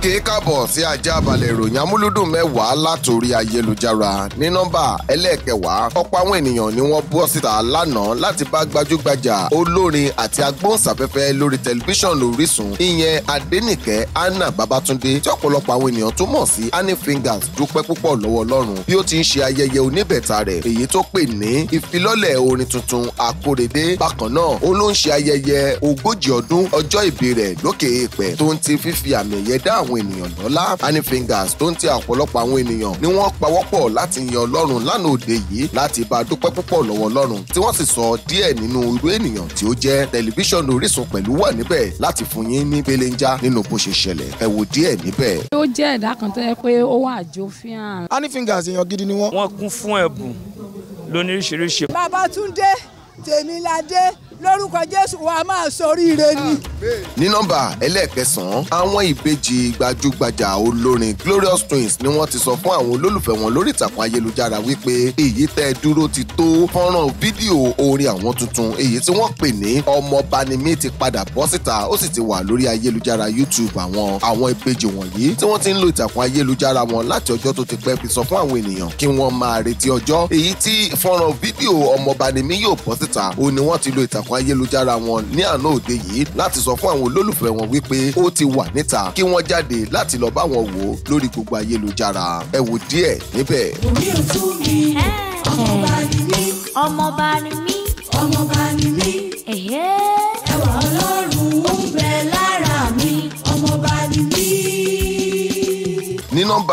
kì í káàbọ̀ sí ajá balẹ̀ ìròyìn amúlùdùn mẹ́wàá látòrí ayélujára ní nọ́mbà ẹlẹ́ẹ̀kẹwàá ọ̀pọ̀ àwọn ènìyàn ni wọ́n bọ́ síta lánàá láti bá gbajúgbajà olórin àti agbóhùnsáfẹ́fẹ́ lórí tẹlifíṣàn Orísun ìyẹn Adénìkẹ́ Anna Babatunde tí ọ̀pọ̀lọpọ̀ àwọn ènìyàn tó mọ̀ sí Annie Fingers dúpẹ́ púpọ̀ lọ́wọ́ Ọlọ́run bí ó ti ń ṣe ayẹyẹ oníbẹ̀ta rẹ̀ èyí tó pè ní ìfilọ́lẹ̀ orin tuntun Àkórèdé bákan náà ó ló ń ṣe ayẹyẹ ogójì ọdún ọjọ́ ìbí rẹ̀ lókè èèpẹ̀ tó ń ti fífi àmì ẹ̀yẹ dá àwọn ènìyàn dọ́là honey fingers tó ń ti ọ̀pọ̀lọpọ̀ àwọn ènìyàn ni wọ́n pawọ́pọ̀ láti yan ọlọ́run lánàá òde yìí láti bá a dúpẹ́ púpọ̀ lọ́wọ́ ọlọ́run tí wọ́n sì sọ díẹ̀ nínú irú ènìyàn tí ó jẹ́ tẹlifíṣàn Orísun pẹ̀lú wà níbẹ̀ láti fún yín ní belenja nínú bó ṣe ṣẹlẹ̀ ẹ wo díẹ̀ níbẹ̀. ó jẹ́ ẹ̀dá kan tó yẹ pé ó wà àjòfíàn. honey fingers èèyàn gidi ni wọ́n. wọ́n kún fún ẹ̀bùn lóníríṣiríṣi lórúkọ jésù wa máa ṣoríire ni. ní nọ́mbà ẹlẹ́ẹ̀kẹsàn-án àwọn ìbejì gbajúgbajà olórin Glorious Twins ni wọ́n ti sọ fún àwọn olólùfẹ́ wọn lórí ìtàkùn ayélujára wípé èyí tẹ́ ẹ dúró ti tó fọ́nrán fídíò orin àwọn tuntun èyí tí wọ́n pè ní ọmọọba ni mí ti padà bọ́ síta ó sì ti wà lórí ayélujára YouTube àwọn àwọn ìbejì wọ̀nyí tí wọ́n ti ń lo ìtàkùn ayélujára wọn láti ọjọ́ tó ti pẹ́ fi sọ fún àwọn ènìyàn kí wọ́n máa retí ọjọ́ èyí tí fọ́nrán fídíò ọmọọba ni mí yóò bọ́ síta ó ní wọ́n ti lo ìtàkùn ìtàkùn ayélujára wọn ní àná òde yìí láti sọ fún àwọn olólùfẹ́ wọn wípé ó ti wà níta kí wọ́n jáde láti lọ bá wọn wò ó lórí gbogbo ayélujára ẹ wò díẹ̀ níbẹ̀. ọmọọba ni mí ọmọọba ni mí ọmọọba ni ọlọ́run.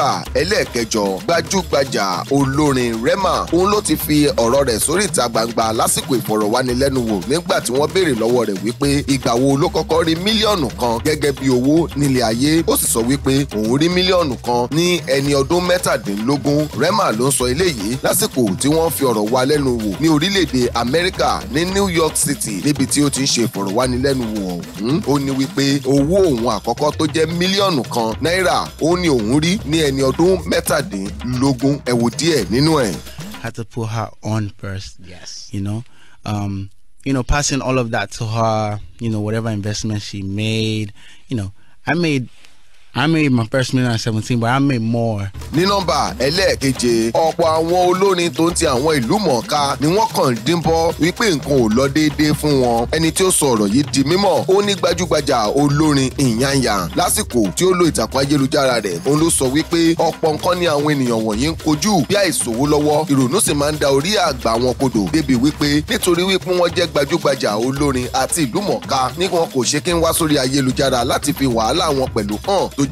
Nọ́mbà ẹlẹ́ẹ̀kẹjọ gbajúgbajà olórin Rema òun ló ti fi ọ̀rọ̀ rẹ̀ sórí ìta gbangba lásìkò ìfọ̀rọ̀wánilẹ́nuwò nígbà tí wọ́n béèrè lọ́wọ́ rẹ̀ wípé ìgbà wo ló kọ́kọ́ rí mílíọ̀nù kan gẹ́gẹ́ bí owó nílé ayé ó sì sọ wípé òun rí mílíọ̀nù kan ní ẹni ọdún mẹ́tàdínlógún Rema ló ń sọ eléyìí lásìkò tí wọ́n fi ọ̀rọ̀ wá lẹ́nu wò ní orílẹ̀-èdè Amẹ́ríkà ní New York City níbi tí ó ti ń ṣe ìfọ̀rọ̀wánilẹ́nuwò ọ̀hún ó ní wípé owó òun àkọ́kọ́ tó jẹ́ mílíọ̀nù kan náírà ó ní òun rí ní ẹni ẹni ọdún mẹ́tàdínlógún ẹ wò díẹ̀ nínú ẹ̀. had to put her on first. yes. you know um, you know passing all of that to her you know whatever investment she made you know I made I made my first million at 17, but I made more. ní nọ́mbà ẹlẹ́ẹ̀keje ọ̀pọ̀ àwọn olórin tó ń ti àwọn ìlú mọ̀ọ́ká ni wọ́n kàn dín bọ́ wípé nǹkan ò lọ déédéé fún wọn ẹni tí ó sọ ọ̀rọ̀ yìí di mímọ̀ ó ní gbajúgbajà olórin ìyànyà lásìkò tí ó lo ìtàkùn ayélujára rẹ̀ òun ló sọ wípé ọ̀pọ̀ nǹkan ni àwọn ènìyàn wọ̀nyí ń kojú bí àìsòwò lọ́wọ́ ìrònú sì máa ń da orí àgbà wọn kodò débi wípé nítorí wípé wọ́n jẹ́ gbajúgbajà olórin àti ìlú mọ̀ọ́ká ní wọn kò ṣe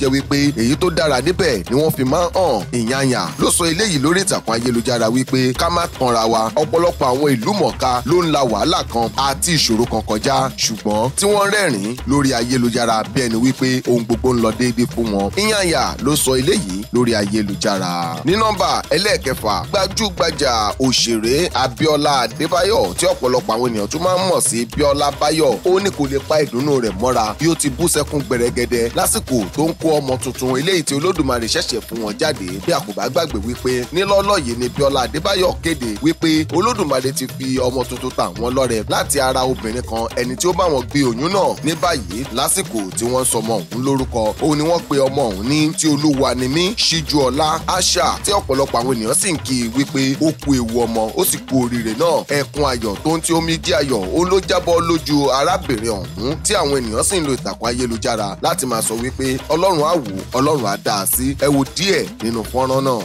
jẹ́ wípé èyí tó dára níbẹ̀ ni wọ́n fi máa ń hàn ìyáyà ló sọ eléyìí lórí ìtàkùn ayélujára wípé ká má tanra wa ọ̀pọ̀lọpọ̀ àwọn ìlú mọ̀ọ́ká ló ń la wàhálà kan àti ìṣòro kan kọjá ṣùgbọ́n tí wọ́n rẹ́rìn-ín lórí ayélujára bí ẹni wípé ohun gbogbo ń lọ déédéé fún wọn ìyáyà ló sọ eléyìí lórí ayélujára. ní nọ́mbà ẹlẹ́ẹ̀kẹfà gbajúgbajà òṣèré Abíọ́lá Adébáyọ̀ tí ọ̀pọ̀lọpọ̀ àwọn ènìyàn tún máa ń mọ̀ sí Bíọ́lá Báyọ̀ ó ní kò lè pa ìdùnnú rẹ̀ mọ́ra bí ó ti bú sẹ́kún gbẹ̀rẹ̀gẹ̀dẹ̀ lásìkò tó ń kó ọmọ tuntun eléyìí tí olódùmarè ṣẹ̀ṣẹ̀ fún wọn jáde bí a kò bá gbàgbé wípé nílọ́lọ́ yìí ni Bíọ́lá Adébáyọ̀ kéde wípé olódùmarè ti fi ọmọ tuntun ta àwọn lọ́rẹ láti ara obìnrin kan ẹni tí ó bá wọn gbé oyún náà ní báyìí lásìkò tí wọ́n ń sọmọ òun lórúkọ òun ni wọ́n pe ọmọ òun ní tí olúwa ni mí ṣíjú ọlá àṣà tí ọ̀pọ̀lọpọ̀ àwọn ènìyàn sì ń kí i wípé ó kú ewu ọmọ ó sì kú oríire náà ẹkún ayọ̀ tó ń ti omi jí ayọ̀ ó ló jábọ́ lójú arábìnrin ọ̀hún tí àwọn ènìyàn sì ń lo ìtàkùn ayélujára láti máa sọ wípé ọlọ́run á wò ọlọ́run á dá a sí ẹ wo díẹ̀ nínú fọ́nrán náà.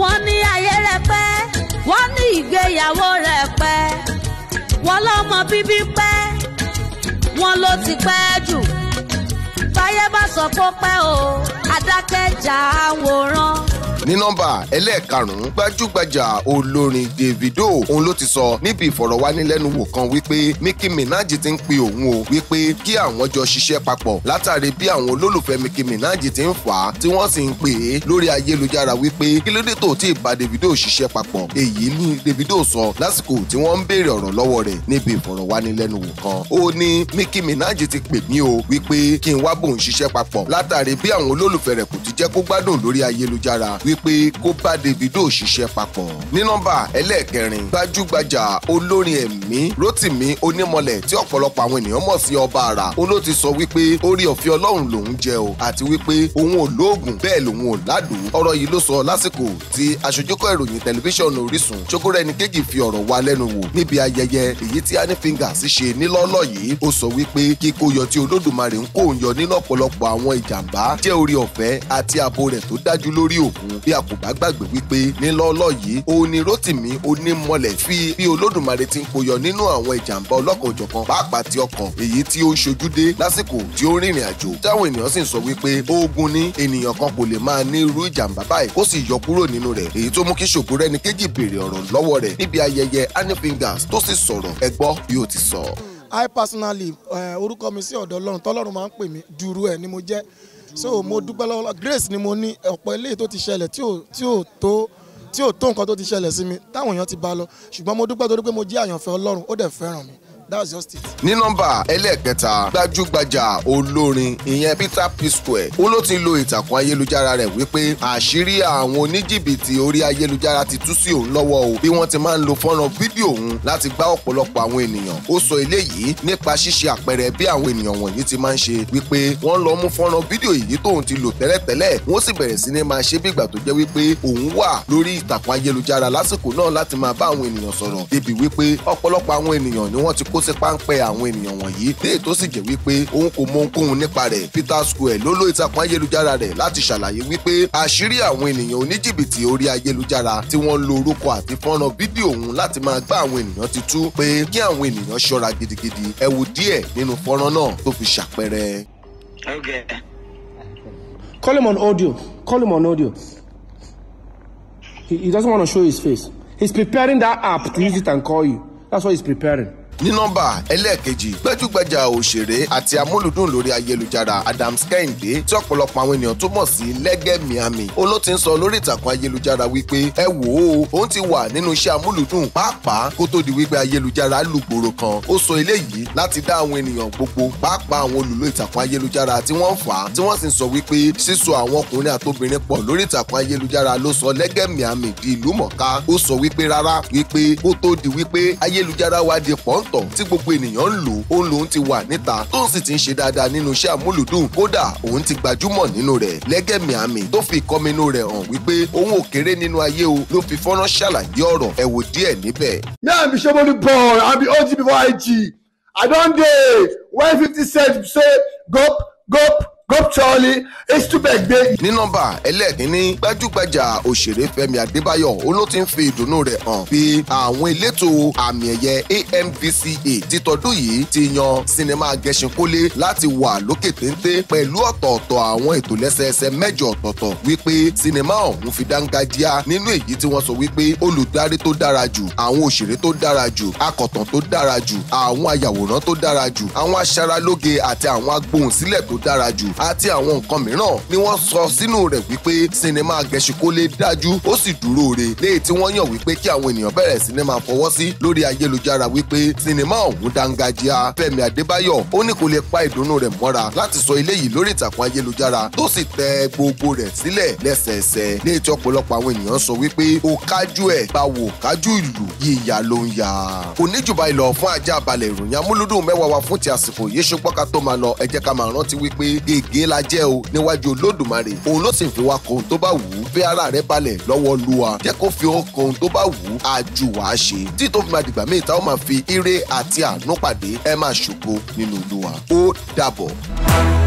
wọ́n ní ayé rẹpẹ wọ́n ní ìgbéyàwó rẹpẹ wọ́n lọ́mọ bíbí pẹ́ wọ́n ló ti pẹ́ jù báyé bá sọ kó pẹ́ o adákẹ́jà àwòrán ní nọ́mbà ẹlẹ́ẹ̀karùn-ún gbajúgbajà olórin Davido òun ló ti sọ níbi ìfọ̀rọ̀wánilẹ́nuwò kan wípé Nicki Minaj ti ń pe òun o wípé kí àwọn jọ ṣiṣẹ́ papọ̀ látàrí bí àwọn olólùfẹ́ Nicki Minaj ti ń fà á tí wọ́n sì ń pè é lórí ayélujára wípé kí ló dé tó tí ì bá Davido ṣiṣẹ́ papọ̀ èyí ni Davido sọ lásìkò tí wọ́n ń béèrè ọ̀rọ̀ lọ́wọ́ rẹ̀ níbi ìfọ̀rọ̀wánilẹ́nuwò kan ó ní Nicki Minaj ti pè mí o wípé kí n wá bòun ń ṣiṣẹ́ papọ̀ látàrí bí àwọn olólùfẹ́ rẹ̀ kò ti jẹ́ kó gbádùn lórí ayélujára wípé kó bá Davido ṣiṣẹ́ papọ̀. ní nọ́mbà ẹlẹ́ẹ̀kẹrin gbajúgbajà olórin ẹ̀mí Rótìmí Onímọ̀lẹ̀ tí ọ̀pọ̀lọpọ̀ àwọn ènìyàn mọ̀ sí ọba àrà ó ló ti sọ wípé orí ọ̀fẹ́ Ọlọ́run lòún jẹ o àti wípé òun ò lóògùn bẹ́ẹ̀ lòun ò ládùn ọ̀rọ̀ yìí ló sọ lásìkò tí aṣojúkọ ìròyìn tẹlifíṣàn Orísun Ṣogorenikeji fi ọ̀rọ̀ wá lẹ́nu wò níbi ayẹyẹ èyí tí Honey Fingers ṣe nílọ́lọ́ yìí ó sọ wípé kíkóyọ tí Olódùmarè ń kóun yọ nínú ọ̀pọ̀lọpọ̀ àwọn ìjàmbá jẹ́ orí ọ̀fẹ́ àti ààbò rẹ̀ tó dájú lórí òkun bí a kò bá gbàgbé wípé nílọ́ọ́lọ́ yìí òun ni Rótìmí Onímọ̀lẹ̀ fi bí Olódùmarè ti ń koyọ nínú àwọn ìjàmbá ọlọ́kanòjọ̀kan pàápàá ti ọkọ̀ èyí tí ó ń ṣojúdé lásìkò tí ó rìnrìn àjò táwọn ènìyàn sì ń sọ wípé ogun ni ènìyàn kan kò lè máa ní irú ìjàmbá báyìí kó sì yọ kúrò nínú rẹ̀ èyí tó mú kí ṣògbórẹ́ni kéjì béèrè ọ̀rọ̀ lọ́wọ́ rẹ̀ níbi ayẹyẹ Honey tó sì sọ̀rọ̀ ẹ bí ó ti sọ. I personally eh, orúkọ mi sí ọ̀dọ̀ ọlọ́run tọ́lọ́run máa ń pè mí dùrú ẹ̀ ni mo jẹ́ so mo dúpẹ́ lọ́wọ́ grace ni mo ní ọ̀pọ̀ eléyìí tó ti ṣẹlẹ̀ tí ò tí ò tó tí ò tó nǹkan tó ti ṣẹlẹ̀ sí mi táwọn èèyàn ti bá lọ ṣùgbọ́n mo dúpẹ́ torí pé mo jẹ́ àyànfẹ́ ọlọ́run ó dẹ̀ fẹ́ràn mi that's just it. ní nọ́mbà ẹlẹ́ẹ̀kẹta gbajúgbajà olórin ìyẹn Peter P Square ó ló ti lo ìtàkùn ayélujára rẹ̀ wípé àṣírí àwọn oníjìbìtì orí ayélujára ti tú sí òun lọ́wọ́ o bí wọ́n ti máa ń lo fọ́nrán fídíò òun láti gbá ọ̀pọ̀lọpọ̀ àwọn ènìyàn ó sọ eléyìí nípa ṣíṣe àpẹẹrẹ bí àwọn ènìyàn wọ̀nyí ti máa ń ṣe wípé wọ́n lọ mú fọ́nrán fídíò yìí tóun ti lò tẹ́lẹ̀tẹ́lẹ̀ wọ́n sì bẹ̀rẹ̀ sí ní máa ṣe bí ìgbà tó jẹ́ wípé òun wà lórí ìtàkùn ayélujára lásìkò náà láti máa bá àwọn ènìyàn sọ̀rọ̀ débi wípé ọ̀pọ̀lọpọ̀ àwọn ènìyàn ni wọ́n ti kó sí páńpẹ́ àwọn ènìyàn wọ̀nyí ní ètò sì jẹ́ wípé òun kò mọ ohunkóhun nípa rẹ̀ Peter Square ló ló ìtàkùn ayélujára rẹ̀ láti ṣàlàyé wípé àṣírí àwọn ènìyàn oníjìbìtì orí ayélujára tí wọ́n lo orúkọ àti fọ́nrán fídíò òun láti máa gbá àwọn ènìyàn ti tú pé kí àwọn ènìyàn ṣọ́ra gidigidi ẹ díẹ̀ nínú fọ́nrán náà tó fi ṣàpẹẹrẹ. Okay. Call him on audio. Call him on audio. He, he doesn't want to show his face. He's preparing that app to use it and call you. That's what he's preparing ní nọ́mbà ẹlẹ́ẹ̀kejì gbẹ́júgbẹ́jà òṣèré àti amúlùdùn lórí ayélujára Adams Kẹ́hìndé tí ọ̀pọ̀lọpọ̀ àwọn ènìyàn tó mọ̀ sí lẹ́gẹ́ miami olóòtú ń sọ lórí ìtàkùn ayélujára wípé ẹ wò ó òun ti wà nínú iṣẹ́ amúlùdùn pàápàá kó tó di wípé ayélujára lùgbòòrò kan ó sọ eléyìí láti dá àwọn ènìyàn gbogbo pàápàá àwọn olùlò ìtàkùn ayélujára tí wọ́n ń fà á tí wọ́n sì ń sọ wípé sísọ àwọn ọkùnrin àtobìnrin pọ̀ lórí ìtàkùn ayélujára ló sọ lẹ́gẹ́ miami di ìlú mọ̀ká ó sọ wípé rárá wípé ó tó di wípé ayélujára wá di pọ̀ ọ̀tọ̀ tí gbogbo ènìyàn ń lò òun lòun ti wà níta tóun sì ti ń ṣe dáadáa nínú iṣẹ́ àmúlùdùn kódà òun ti gbajúmọ̀ nínú rẹ̀ lẹ́gẹ̀ miami tó fi ìkọminú rẹ̀ hàn wípé òun ò kéré nínú ayé o ló fi fọ́nrán ṣàlàyé ọ̀rọ̀ ẹ̀ wò díẹ̀ níbẹ̀. yẹ́n mi ṣe mo ní bọ́ọ̀ àbí ó ti bí wọ́n I don dey when fifty cent say gop gop gọ́pṣọ́ọ́lì ẹ̀sítúbẹ̀gbé. ní nọ́mbà ẹlẹ́ẹ̀kínní gbajúgbajà òṣèré Fẹ́mi Adébáyọ̀ olóòtú ń fi ìdùnnú rẹ̀ hàn bí àwọn elétò àmì ẹ̀yẹ AMVCA títọdún yìí ti yan sinimá Gẹṣinkólé láti wà lókè téńté pẹ̀lú ọ̀tọ̀ọ̀tọ̀ àwọn ètò lẹ́sẹẹsẹ mẹ́jọ ọ̀tọ̀ọ̀tọ̀ wípé sinimá ọ̀hún fi dángájíá nínú èyí tí wọ́n sọ wípé olùdarí tó dára jù àwọn òṣèré tó dára jù akọ̀tàn tó dára jù àwọn ayàwòrán tó dára jù àwọn aṣaralóge àti àwọn agbóhùnsílẹ̀ tó dára jù àti àwọn nǹkan mìíràn ni wọ́n sọ sínú rẹ̀ wípé sinimá gbẹ̀ṣikólé dájú ó sì dúró re léyìí tí wọ́n yàn wípé kí àwọn ènìyàn bẹ̀rẹ̀ sinimá fọwọ́ sí lórí ayélujára wípé sinimá ọ̀hún dángájíá Fẹ́mi Adébáyọ̀ ó ní kò lè pa ìdùnnú rẹ̀ mọ́ra láti sọ eléyìí lórí ìtàkùn ayélujára tó sì tẹ gbogbo rẹ̀ sílẹ̀ lẹ́sẹẹsẹ léyìí tí ọ̀pọ̀lọpọ̀ àwọn ènìyàn sọ wípé ó kájú ẹ̀ gbàwò kájú ìlú yíya ló ń ya kò ní jùbá ìlọ fún ajá balẹ̀ ìròyìn amúlùdùn mẹ́wàá wa fún ti àsìkò yìí ṣùgbọ́n ká tó máa lọ ẹ jẹ́ ká máa rántí wípé ègé la jẹ́ o níwájú olódùmarè òun ló sì fi wá kan tó bá wù ú fi ara rẹ balẹ̀ lọ́wọ́ lua jẹ́ kó fi ọ́ kan tó bá wù ú àjù wàá ṣe tí tó fi máa dìgbà míì táwọn máa fi ire àti àánú pàdé ẹ máa ṣògo nínú olúwa ó dàbọ̀.